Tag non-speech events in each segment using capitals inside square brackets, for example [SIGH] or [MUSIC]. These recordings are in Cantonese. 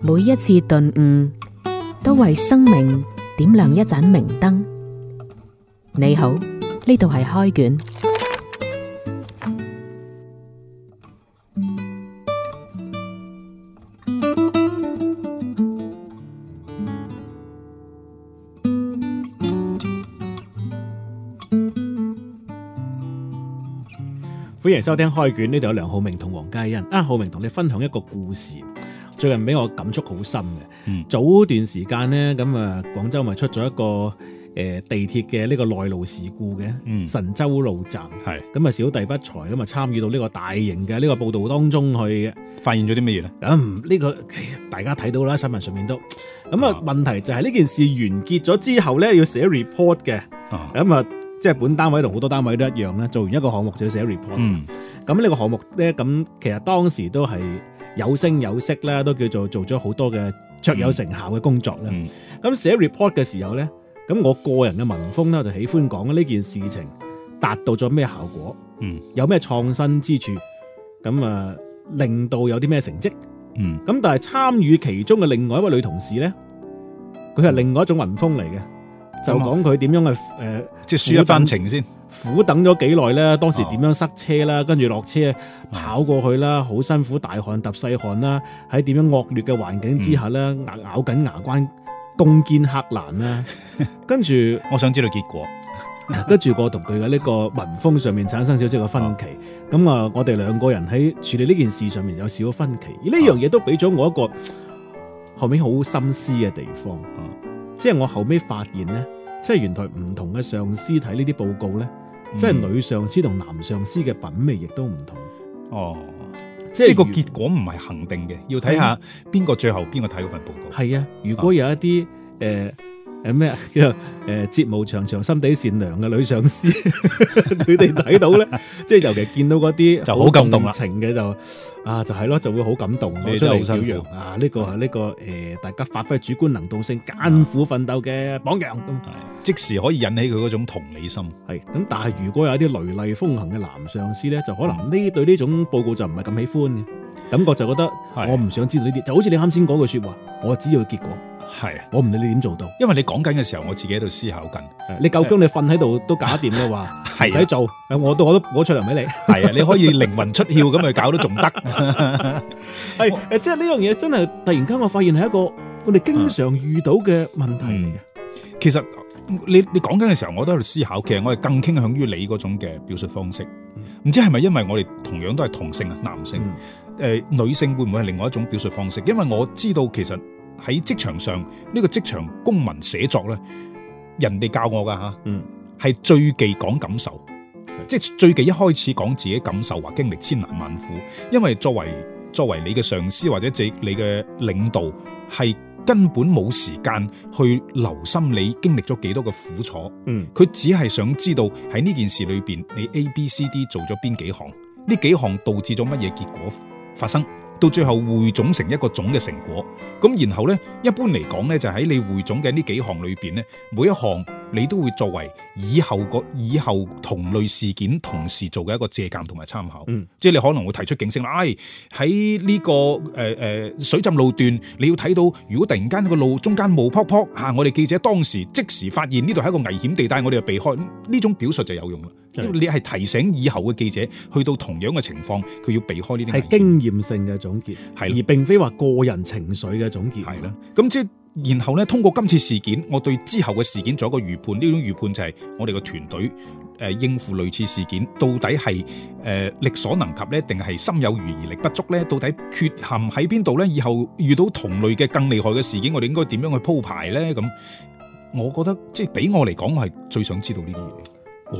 每一次頓悟，都為生命點亮一盞明燈。你好，呢度係開卷。歡迎收聽開卷，呢度有梁浩明同黃嘉欣。阿浩明同你分享一個故事。最近俾我感觸好深嘅，早段時間咧，咁啊廣州咪出咗一個地鐵嘅呢個內路事故嘅，神舟路站，咁啊小弟不才咁啊參與到呢個大型嘅呢個報導當中去發、嗯、發現咗啲乜嘢咧？咁呢、啊這個大家睇到啦，新聞上面都。咁啊，問題就係呢件事完結咗之後咧，要寫 report 嘅，咁啊即係、啊、本單位同好多單位都一樣咧，做完一個項目就要寫 report 嘅。咁呢、嗯、個項目咧，咁其實當時都係。有聲有色啦，都叫做做咗好多嘅卓有成效嘅工作啦。咁寫、嗯嗯、report 嘅時候咧，咁我個人嘅文風咧就喜歡講呢件事情達到咗咩效果，嗯、有咩創新之處，咁啊令到有啲咩成績。咁、嗯、但係參與其中嘅另外一位女同事咧，佢係另外一種文風嚟嘅，就講佢點樣去，誒、嗯、呃、即係輸一番情先。苦等咗幾耐咧，當時點樣塞車啦，啊、跟住落車跑過去啦，好、啊、辛苦，大汗揼細汗啦，喺點樣惡劣嘅環境之下咧、嗯，咬咬緊牙關，攻堅克難啦， [LAUGHS] 跟住著我想知道結果， [LAUGHS] 跟住我同佢嘅呢個文風上面產生少少嘅分歧。咁啊，那我哋兩個人喺處理呢件事上面有少少分歧，啊、而呢樣嘢都俾咗我一個後尾好深思嘅地方，即係、啊、我後尾發現呢，即、就、係、是、原來唔同嘅上司睇呢啲報告咧。嗯、即係女上司同男上司嘅品味亦都唔同，哦，即係個結果唔係恒定嘅，要睇下邊個最後邊個睇嗰份報告。係啊，如果有一啲誒。啊呃誒咩啊？叫誒，睫毛長長、心地善良嘅女上司，佢哋睇到咧，即係 [LAUGHS] 尤其見到嗰啲就好感動情嘅就啊，就係、是、咯，就會好感動。你真係辛苦啊！呢、這個呢個誒，的大家發揮主觀能動性艱奮鬥、艱苦奮鬥嘅榜樣，的即時可以引起佢嗰種同理心。係，咁但係如果有一啲雷厲風行嘅男上司咧，就可能呢對呢種報告就唔係咁喜歡嘅、嗯、感覺，就覺得我唔想知道呢啲，的就好似你啱先嗰句說話，我只要結果。係，啊、我唔理你點做到，因為你講緊嘅時候，我自己喺度思考緊、欸。你夠薑，你瞓喺度都搞掂嘅話，唔使做。我都我都攞出嚟俾你。係啊，你可以靈魂出竅咁去搞都仲得。係即係呢樣嘢，真係突然間我發現係一個我哋經常遇到嘅問題嚟嘅、嗯。其實你你講緊嘅時候，我都喺度思考。其實我係更傾向於你嗰種嘅表述方式。唔知係咪因為我哋同樣都係同性啊，男性誒、嗯，呃，女性會唔會係另外一種表述方式？因為我知道其實。喺職場上呢、呢個職場公文寫作咧，人哋教我噶嚇，嗯，係最忌講感受，是即係最忌一開始講自己的感受話經歷千難萬苦，因為作為作為你嘅上司或者係你嘅領導，係根本冇時間去留心你經歷咗幾多嘅苦楚，嗯，佢只係想知道喺呢件事裏邊，你 A、B、C、D 做咗邊幾行，呢幾行導致咗乜嘢結果發生。到最後，匯總成一個總嘅成果，咁然後咧，一般嚟講咧，就喺你匯總嘅呢幾項裏邊咧，每一項。你都會作為以後個以後同類事件同時做嘅一個借鑑同埋參考，嗯，即係你可能會提出警醒啦。哎，喺呢個誒誒、呃、水浸路段，你要睇到如果突然間個路中間冒泡泡吓，我哋記者當時即時發現呢度係一個危險地帶，我哋就避開，呢種表述就有用啦。是的因為你係提醒以後嘅記者去到同樣嘅情況，佢要避開呢啲係經驗性嘅總結，係的而並非話個人情緒嘅總結，係啦。咁即係。然後咧，通過今次事件，我對之後嘅事件做一個預判。呢種預判就係我哋個團隊誒、呃、應付類似事件，到底係誒、呃、力所能及呢？定係心有餘而力不足呢？到底缺陷喺邊度呢？以後遇到同類嘅更厲害嘅事件，我哋應該點樣去鋪排呢？咁，我覺得即係俾我嚟講，我係最想知道呢啲嘢。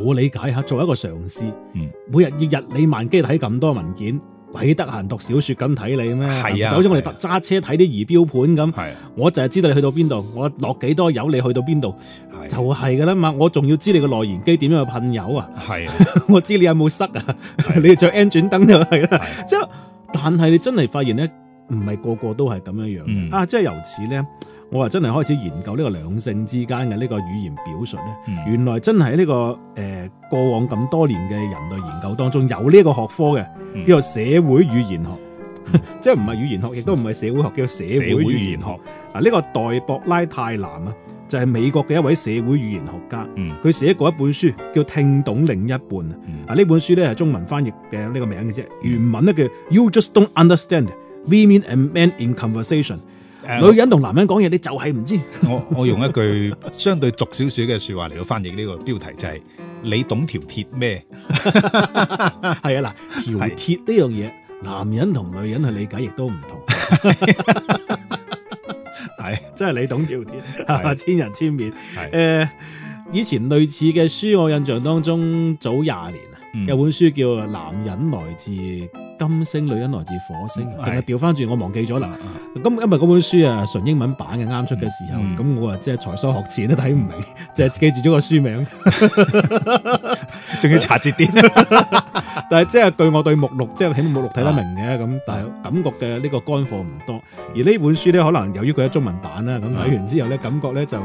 我理解吓，做一個嘗試。嗯，每日要日理萬機，睇咁多文件。睇得閒讀小說咁睇你咩？係啊，走咗我哋特揸車睇啲儀表盤咁。係、啊，我就係知道你去到邊度，我落幾多油你去到邊度，啊、就係噶啦嘛。我仲要知你個內燃機點樣去噴油啊？係、啊， [LAUGHS] 我知你有冇塞啊？啊 [LAUGHS] 你着 N 轉燈就係啦。即係、啊，但係你真係發現咧，唔係個個都係咁樣樣嘅。啊，即係由此咧。我話真係開始研究呢個兩性之間嘅呢個語言表述咧，原來真係呢、這個誒、呃、過往咁多年嘅人類研究當中有呢個學科嘅，叫做社會語言學，嗯、呵呵即係唔係語言學，亦都唔係社會學，叫社會語言學。言學啊，呢、這個黛博拉泰南啊，就係、是、美國嘅一位社會語言學家，佢寫、嗯、過一本書叫《聽懂另一半》嗯、啊，呢本書咧係中文翻譯嘅呢個名嘅啫，原文咧、嗯、叫《You Just Don't Understand Women and Men in Conversation》。女人同男人講嘢，你就係唔知。 [LAUGHS] 我我用一句相對俗少少嘅說話嚟到翻譯呢個標題，就係、是、你懂條鐵咩？係 [LAUGHS] 啊， [LAUGHS] 嗱，條鐵呢樣嘢，男人同女人去理解亦都唔同。係，即係你懂條鐵，的千人千面。誒的，以前類似嘅書，我印象當中早廿年啊，嗯、有本書叫《男人來自》。金星女人來自火星，定係調返轉？我忘記咗喇。咁因為嗰本書啊，純英文版嘅，啱出嘅時候，咁、嗯、我啊即係才疏學淺都睇唔明，淨係、嗯、記住咗個書名，仲要查字典。 [LAUGHS] 但係即係對我對目錄，即係睇目錄睇得明嘅咁，啊、但係感覺嘅呢個乾貨唔多。而呢本書咧，可能由於佢係中文版啦，咁睇完之後咧，感覺咧就誒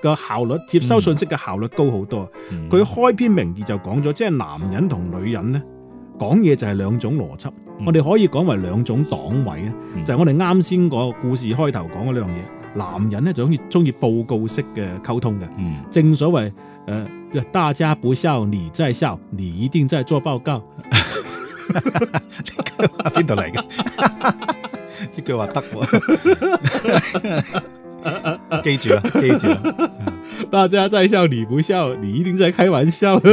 個、欸、效率接收信息嘅效率高好多。佢開篇明義就講咗，即係男人同女人咧。講嘢就係兩種邏輯，嗯、我哋可以講為兩種檔位嘅，嗯、就係我哋啱先個故事開頭講嗰兩樣嘢，男人咧就好似中意報告式嘅溝通嘅，嗯、正所謂誒、呃，大家不笑，你在笑，你一定在做報告。呢句話邊度嚟嘅？呢句話得喎，記住啦，記住啦，大家在笑，你不笑，你一定在開玩笑。 [LAUGHS]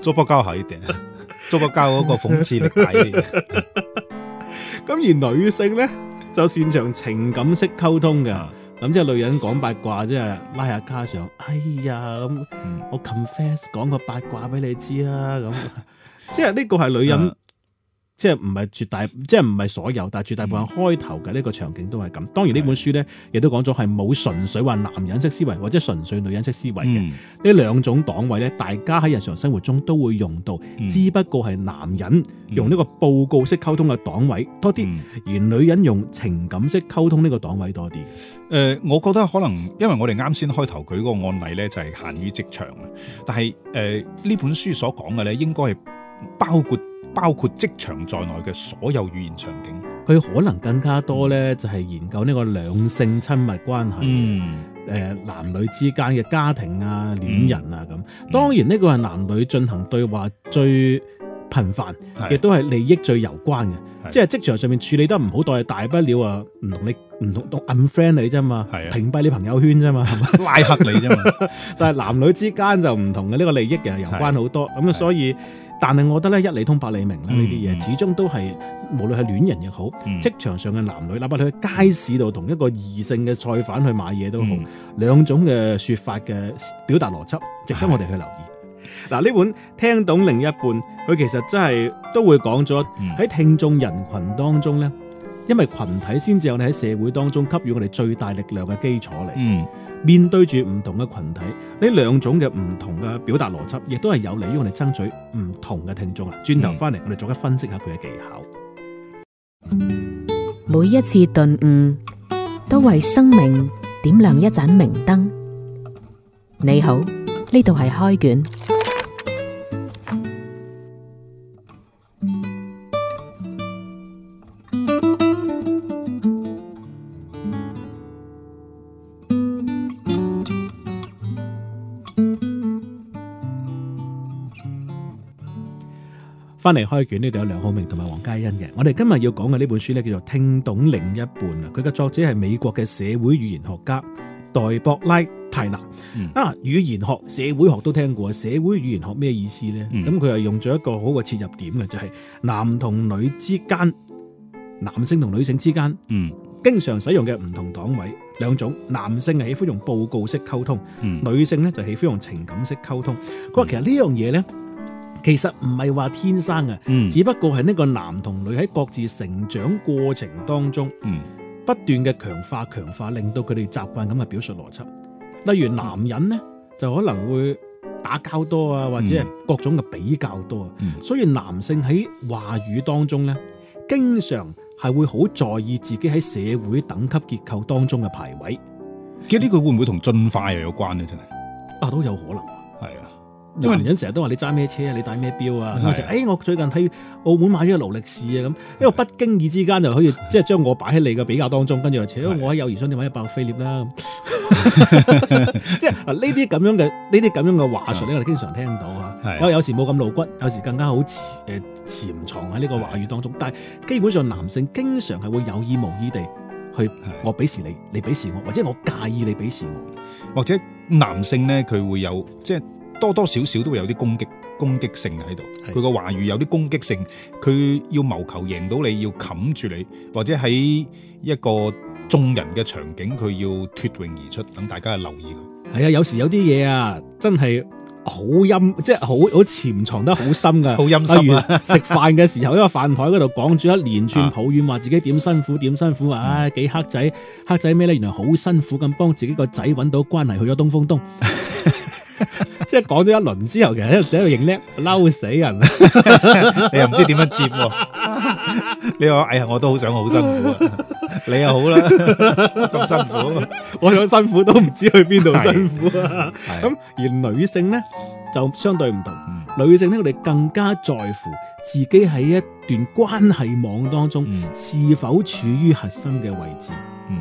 做不交一點做不交嗰個諷刺力大啲。咁而女性咧就擅長情感式溝通嘅，咁即係女人講八卦，即係拉下卡上，哎呀咁，我 confess 講個八卦俾你知啦，咁即係呢個係女人。 [LAUGHS] 呃即係唔係絕大，即係唔係所有，但係絕大部分開頭嘅呢個場景都係咁。當然呢本書呢，亦都講咗係冇純粹話男人式思維或者純粹女人式思維嘅呢兩種檔位呢，大家喺日常生活中都會用到，嗯、只不過係男人用呢個報告式溝通嘅檔位多啲，嗯、而女人用情感式溝通呢個檔位多啲。誒、呃，我覺得可能因為我哋啱先開頭佢嗰個案例呢就係限於職場，但係誒呢本書所講嘅呢，應該係包括。包括職場在內嘅所有語言場景，佢可能更加多咧，就係研究呢個兩性親密關係，誒、嗯、男女之間嘅家庭啊、戀人啊咁。嗯、當然呢個係男女進行對話最頻繁，是的亦都係利益最攸關嘅。是的即係職場上面處理得唔好代，大不了啊唔同你唔同，同 unfriend 你啫嘛，的屏蔽你朋友圈啫嘛，拉黑你啫嘛。 [LAUGHS] 但係男女之間就唔同嘅，呢、這個利益其實攸關好多，咁啊的所以。但係我覺得咧一理通百理明啦，呢啲嘢始終都係無論係戀人又好，職、嗯、場上嘅男女，哪怕你去街市度同一個異性嘅菜販去買嘢都好，嗯、兩種嘅説法嘅表達邏輯，值得我哋去留意。嗱呢唉、啊、本聽懂另一半，佢其實真係都會講咗喺聽眾人群當中咧，嗯、因為群體先至有你喺社會當中給予我哋最大力量嘅基礎嚟。嗯面對住唔同嘅群體，呢兩種嘅唔同嘅表達邏輯，亦都係有利於我哋爭取唔同嘅聽眾啊！轉頭翻嚟，我哋逐一分析下佢嘅技巧。每一次頓悟，都為生命點亮一盞明燈。你好，呢度係開卷。翻嚟開卷呢度有梁浩明同埋王嘉欣嘅，我哋今日要講嘅呢本書咧叫做《聽懂另一半》啊，佢嘅作者係美國嘅社會語言學家黛、嗯、博拉泰納。啊，語言學、社會學都聽過，社會語言學咩意思呢？咁佢係用咗一個好嘅切入點嘅，就係、是、男同女之間、男性同女性之間，嗯，經常使用嘅唔同檔位兩種。男性係喜歡用報告式溝通，嗯、女性呢就喜歡用情感式溝通。佢話、嗯、其實呢樣嘢呢。其實唔係話天生啊，嗯、只不過係呢個男同女喺各自成長過程當中，嗯、不斷嘅強化強化，令到佢哋習慣咁嘅表述邏輯。例如男人呢，嗯、就可能會打交多啊，或者係各種嘅比較多啊。嗯、所以男性喺話語當中呢，經常係會好在意自己喺社會等級結構當中嘅排位。其實呢個會唔會同進化又有關呢？真係啊，都有可能。男人成日都話你揸咩車啊，你戴咩表啊？我誒是的，我最近喺澳門買咗個勞力士啊咁。因為不經意之間就可以即係將我擺喺你嘅比較當中，跟住話：，搶是的 我喺友誼商店買一百個菲碟啦。即係呢啲咁樣嘅呢啲咁樣嘅話術，我哋是的 經常聽到啊。我是的 有時冇咁露骨，有時更加好誒潛藏喺呢個話語當中。是的 但係基本上男性經常係會有意無意地去是的 我鄙視你，你鄙視我，或者我介意你鄙視我，或者男性咧佢會有即係。多多少少都會有啲攻擊攻擊性喺度，佢個話語有啲攻擊性，佢要謀求贏到你，要冚住你，或者喺一個眾人嘅場景，佢要脫穎而出，等大家留意佢。係啊，有時有啲嘢啊，真係好陰，即係好好潛藏得好深㗎，好 [LAUGHS] 陰濕啊！食飯嘅時候，一個 [LAUGHS] 飯台嗰度講住一連串抱怨，話自己點辛苦點辛苦、嗯、啊！幾黑仔，黑仔咩咧？原來好辛苦咁幫自己個仔揾到關係去咗東風東。 [LAUGHS] 即係講咗一輪之後，其實喺度喺度認叻，嬲死人！ [LAUGHS] 你又唔知點樣接、啊？ [LAUGHS] [LAUGHS] 你話哎呀，我都好想好辛苦，你又好啦，咁辛苦，我想辛苦都唔知去邊度辛苦啊！咁而女性咧，就相對唔同，嗯、女性咧我哋更加在乎自己喺一段關係網當中、嗯、是否處於核心嘅位置。嗯，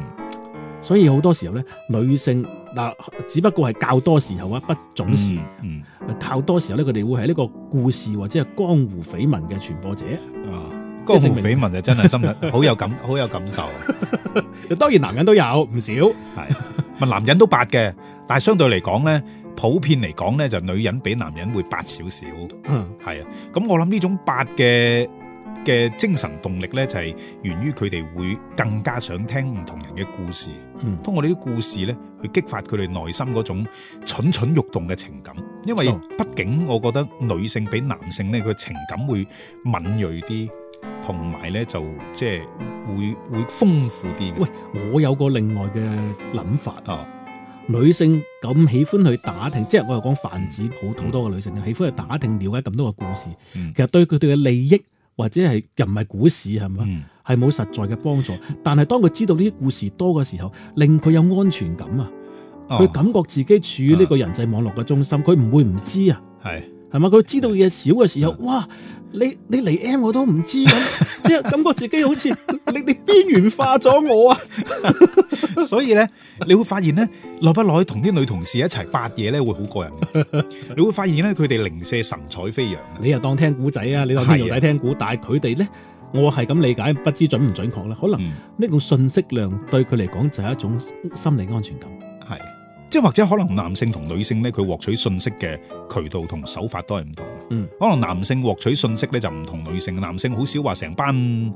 所以好多時候咧，女性。啊，只不過係較多時候啊，不重視、嗯。嗯，較多時候咧，佢哋會係呢個故事或者係江湖緋聞嘅傳播者。啊，江湖緋聞就真係深入， [LAUGHS] 好有感，好有感受、啊。又 [LAUGHS] 當然男人都有唔少，係，問男人都八嘅，但係相對嚟講咧，普遍嚟講咧就女人比男人會八少少。嗯，係啊，咁我諗呢種八嘅。嘅精神動力咧就係、是、源於佢哋會更加想聽唔同人嘅故事，嗯、通過呢啲故事咧去激發佢哋內心嗰種蠢蠢欲動嘅情感。因為畢竟我覺得女性比男性咧佢情感會敏銳啲，同埋咧就即係會會豐富啲。喂，我有個另外嘅諗法啊，哦、女性咁喜歡去打聽，嗯、即係我又講泛指好好多嘅女性，就、嗯、喜歡去打聽了解咁多嘅故事，嗯、其實對佢哋嘅利益。或者係又唔係股市係咪啊？係冇實在嘅幫助。但係當佢知道呢啲故事多嘅時候，令佢有安全感啊！佢感覺自己處於呢個人際網絡嘅中心，佢唔會唔知啊。係。係咪？佢知道嘢少嘅時候，哇！你你嚟 M 我都唔知咁，即係 [LAUGHS] 感覺自己好似你你邊緣化咗我啊！ [LAUGHS] 所以咧，你會發現咧，耐不耐同啲女同事一齊八嘢咧，會好過癮。你會發現咧，佢哋 [LAUGHS] 零舍神采飛揚，你又當聽古仔啊，你又當做底聽古。但係佢哋咧，我係咁理解，不知準唔準確咧？可能呢個信息量對佢嚟講就係一種心理安全感。即係或者可能男性同女性咧，佢獲取信息嘅渠道同手法都係唔同嘅。嗯，可能男性獲取信息咧就唔同女性。男性好少話成班誒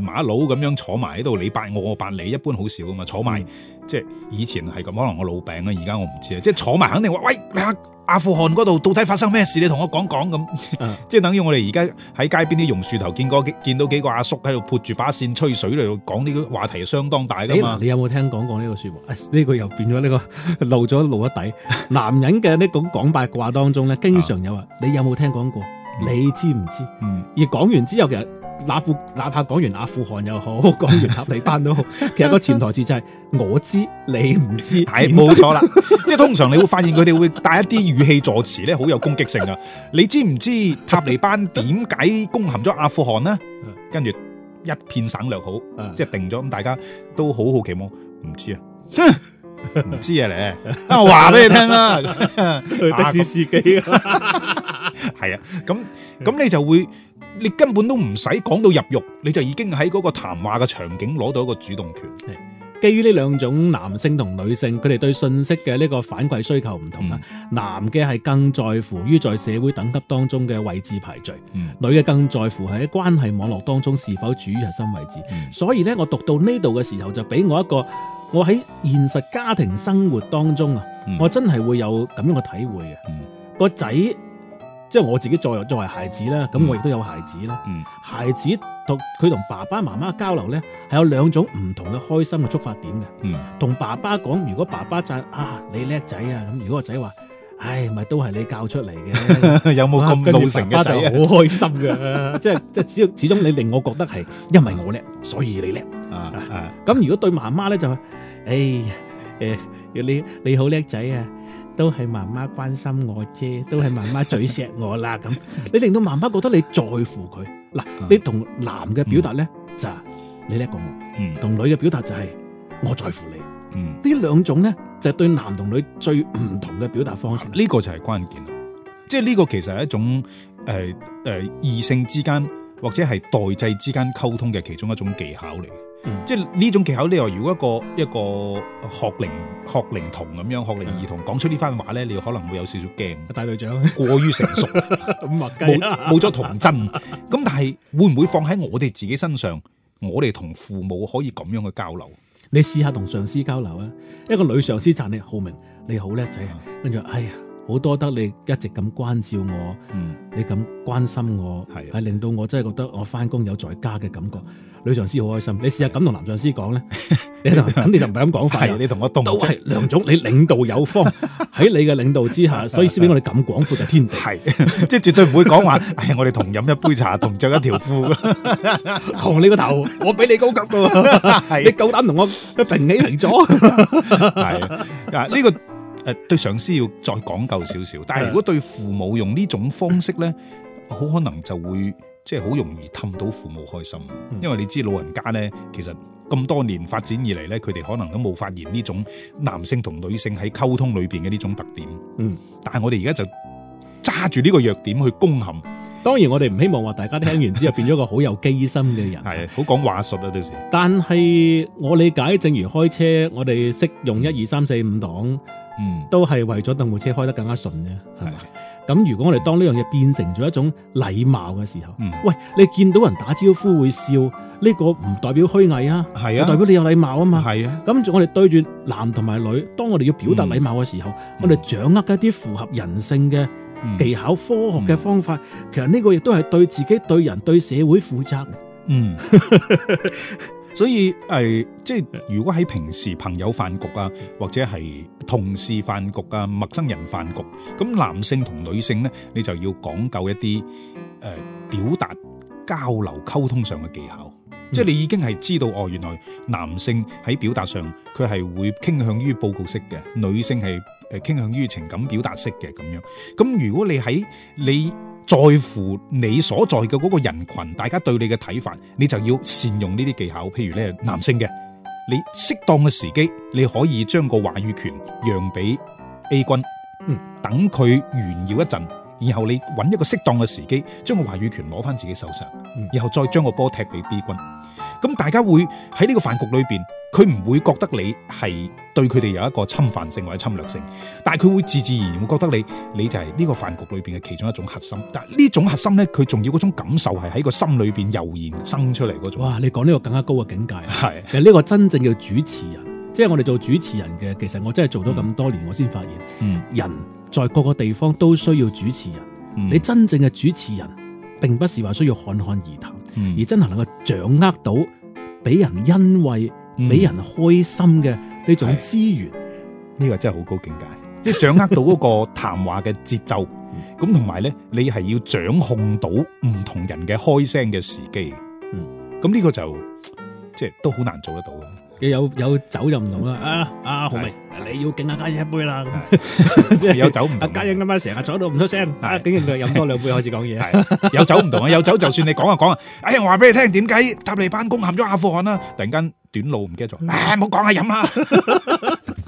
馬佬咁樣坐埋喺度，你扮我我扮你，一般好少噶嘛，坐埋。即係以前係咁，可能我老餅啊。而家我唔知啊，即係坐埋肯定話，喂，你阿富汗嗰度到底發生咩事？你同我講講咁，嗯、即係等於我哋而家喺街邊啲榕樹頭見過見到幾個阿叔喺度撥住把扇吹水嚟，講呢個話題相當大噶嘛。你有冇聽講過呢個說話？呢、呢個又變咗呢、呢個露咗露一底。男人嘅呢種講八卦當中咧，經常有話，嗯、你有冇聽講過？你知唔知道？嗯、而講完之後嘅。哪怕哪怕講完阿富汗又好，講完塔利班都好，其實個潛台詞就係、是、 [LAUGHS] 我知你唔知，係冇錯啦。 [LAUGHS] 即係通常你會發現佢哋會帶一啲語氣助詞咧，好有攻擊性啊！你知唔知塔利班點解攻陷咗阿富汗呢？跟住一片省略號， [LAUGHS] 即係定咗，咁大家都好好奇望，唔知啊，唔 [LAUGHS] 知啊，你我話俾你聽啦，的士司機啊， [LAUGHS] [LAUGHS] 啊，係啊，咁咁你就會。你根本都唔使講到入獄，你就已經喺嗰個談話嘅場景攞到一個主動權。基於呢兩種男性同女性，佢哋對信息嘅呢個反饋需求唔同啊。嗯、男嘅係更在乎於在社會等級當中嘅位置排序，嗯、女嘅更在乎喺關係網絡當中是否處於核心位置。嗯、所以咧，我讀到呢度嘅時候，就俾我一個我喺現實家庭生活當中啊，嗯、我真係會有咁樣嘅體會嘅。嗯、個仔。即係我自己作作為孩子啦，咁我亦都有孩子啦。嗯，孩子同佢同爸爸媽媽交流咧，係有兩種唔同嘅開心嘅觸發點嘅。嗯，同爸爸講，如果爸爸讚啊你叻仔啊，咁、啊、如果個仔話，唉，咪都係你教出嚟嘅。 [LAUGHS] 有冇咁老成嘅仔？好開心嘅、啊， [LAUGHS] 即係即係只要始終你令我覺得係因為我叻，所以你叻。啊咁、啊啊、如果對媽媽咧就，誒、哎、誒、呃，你你好叻仔啊！都係媽媽關心我啫，都係媽媽最錫我啦咁。 [LAUGHS] 你令到媽媽覺得你在乎佢嗱，你同男嘅表達咧，嗯、就你叻過我；嗯，同女嘅表達就係我在乎你，嗯，呢兩種咧就係、是、對男同女最唔同嘅表達方式，呢、啊，這個就係關鍵。即係呢個其實係一種誒誒異性之間或者係代際之間溝通嘅其中一種技巧嚟。嗯、即係呢種技巧，你話如果一個一個學齡學齡童咁樣學齡兒童講出呢番話咧，你可能會有少少驚。大隊長過於成熟，冇冇咗童真。咁 [LAUGHS] 但係會唔會放喺我哋自己身上？我哋同父母可以咁樣去交流。你試下同上司交流啊！一個女上司讚你浩明，你好叻仔，跟住、嗯、哎呀好多得你一直咁關照我，嗯、你咁關心我，係的令到我真係覺得我翻工有在家嘅感覺。女上司好開心，你試下咁同男上司講咧，你就肯定就唔係咁講法。你同我都係梁總，你領導有方，喺你嘅領導之下，所以先俾我哋咁廣闊嘅天地，即係絕對唔會講話，哎呀，我哋同飲一杯茶，同着一條褲，同你個頭，我比你高級，係你夠膽同我平起平坐。係啊，呢個誒對上司要再講究少少，但係如果對父母用呢種方式咧，好可能就會。即係好容易氹到父母開心，因為你知老人家呢，其實咁多年發展以嚟呢，佢哋可能都冇發現呢種男性同女性喺溝通裏邊嘅呢種特點。嗯，但係我哋而家就揸住呢個弱點去攻陷。當然我哋唔希望話大家聽完之後變咗個好有機心嘅人，係好 [LAUGHS] 講話術啊！到時，但係我理解，正如開車，我哋識用一二三四五檔，嗯，都係為咗等部車開得更加順啫，係咁如果我哋當呢樣嘢，變成咗一種禮貌嘅時候，嗯、喂，你見到人打招呼會笑，呢、呢個唔代表虛偽啊，係啊，代表你有禮貌啊嘛，係啊。咁我哋對住男同埋女，當我哋要表達禮貌嘅時候，嗯嗯、我哋掌握一啲符合人性嘅技巧、嗯、科學嘅方法，其實呢個亦都係對自己、對人、對社會負責。嗯。 [LAUGHS] 所以誒，即係如果喺平時朋友飯局啊，或者係同事飯局啊，陌生人飯局，咁男性同女性呢，你就要講究一啲誒表達、交流、溝通上嘅技巧。即係、嗯、你已經係知道哦，原來男性喺表達上佢係會傾向於報告式嘅，女性係傾向於情感表達式嘅咁樣，咁如果你喺你在乎你所在嘅嗰個人群，大家對你嘅睇法，你就要善用呢啲技巧。譬如咧，男性嘅，你適當嘅時機，你可以將個話語權讓俾 A 君，嗯，等佢炫耀一陣。然後你揾一個適當嘅時機，將個話語權攞翻自己手上，嗯、然後再將個波踢俾 B 君。咁大家會喺呢個飯局裏邊，佢唔會覺得你係對佢哋有一個侵犯性或者侵略性，但係佢會自自然然會覺得你，你就係呢個飯局裏邊嘅其中一種核心。但係呢種核心咧，佢仲要嗰種感受係喺個心裏邊油然生出嚟嗰種。哇！你講呢個更加高嘅境界係，是其實呢個真正嘅主持人，即係我哋做主持人嘅，其實我真係做咗咁多年，嗯、我先發現，嗯，人。在各個地方都需要主持人，嗯、你真正嘅主持人，並不是話需要侃侃而談，嗯、而真係能夠掌握到俾人欣慰、俾、嗯、人開心嘅呢種資源，呢、嗯、個真係好高境界，即係掌握到嗰個談話嘅節奏，咁同埋咧，你係要掌控到唔同人嘅開聲嘅時機，咁呢、嗯、個就。即係都好難做得到嘅。有有酒就唔同啦。嗯、啊，阿紅你要敬阿嘉欣一杯啦。即係有酒唔同。阿、 [LAUGHS] 就是、 [LAUGHS] 家欣今晚成日坐到唔出聲，係的、啊、竟然佢飲多兩杯開始講嘢。係 [LAUGHS] 有酒唔同啊，有酒就算你講就講啊。哎呀，話俾你聽點解塔利班攻陷咗阿富汗啦？突然間短路唔記得咗。唉、哎，唔好講下飲啦。 [LAUGHS] [LAUGHS]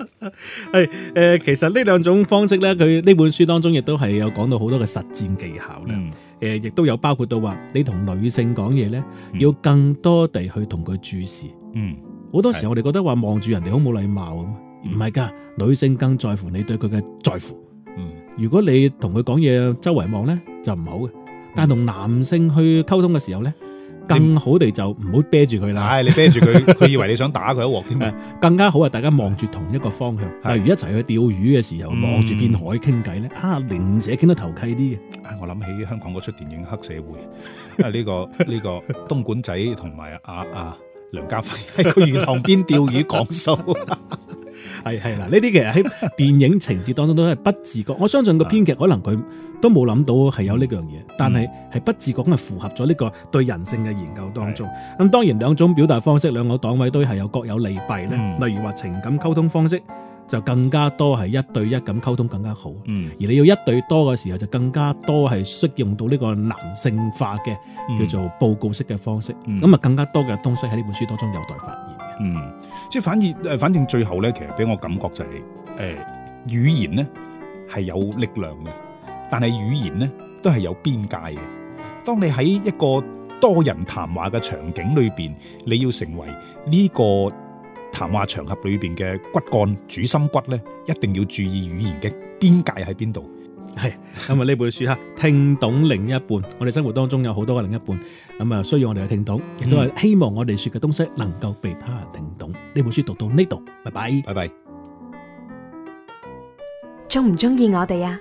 係誒、 [LAUGHS] 呃，其實呢兩種方式咧，佢呢本書當中亦都係有講到好多嘅實戰技巧咧。誒、嗯，亦、呃、都有包括到話你同女性講嘢咧，嗯、要更多地去同佢注視。嗯，好多時候我哋覺得話望住人哋好冇禮貌咁，唔係噶，女性更在乎你對佢嘅在乎。嗯，如果你同佢講嘢周圍望咧，就唔好嘅。嗯、但同男性去溝通嘅時候咧。你好地就唔好啤住佢啦。你啤住佢，佢以為你想打佢一鑊添。更加好啊！大家望住同一個方向，例如一齊去釣魚嘅時候，望住片海傾偈咧，嗯、啊，零舍傾得投契啲嘅。我諗起香港嗰出電影《黑社會》，啊，呢個呢個東莞仔同埋啊啊梁家輝喺個魚塘邊釣魚講數，係係呢啲其實喺電影情節當中都係不自覺。我相信個編劇可能佢。 [LAUGHS] 都冇諗到係有呢樣嘢，但係係不自覺咁係符合咗呢個對人性嘅研究當中。咁的當然兩種表達方式，兩個檔位都係有各有利弊咧。嗯、例如話情感溝通方式就更加多係一對一咁溝通更加好，嗯、而你要一對多嘅時候就更加多係適用到呢個男性化嘅、嗯、叫做報告式嘅方式。咁啊、嗯、更加多嘅東西喺呢本書當中有待發現嘅。嗯，即係反而誒，反正最後咧，其實俾我感覺就係、是、誒語言呢係有力量嘅。但係語言呢都係有邊界嘅。當你喺一個多人談話嘅場景裏邊，你要成為呢個談話場合裏邊嘅骨幹、主心骨呢，一定要注意語言嘅邊界喺邊度。係咁啊！呢本書啊，聽懂另一半。 [LAUGHS] 我哋生活當中有好多嘅另一半，咁啊，需要我哋去聽懂，亦都係希望我哋說嘅東西能夠被他人聽懂。嗯、呢本書讀到呢度，拜拜，拜拜、啊。中唔中意我哋呀？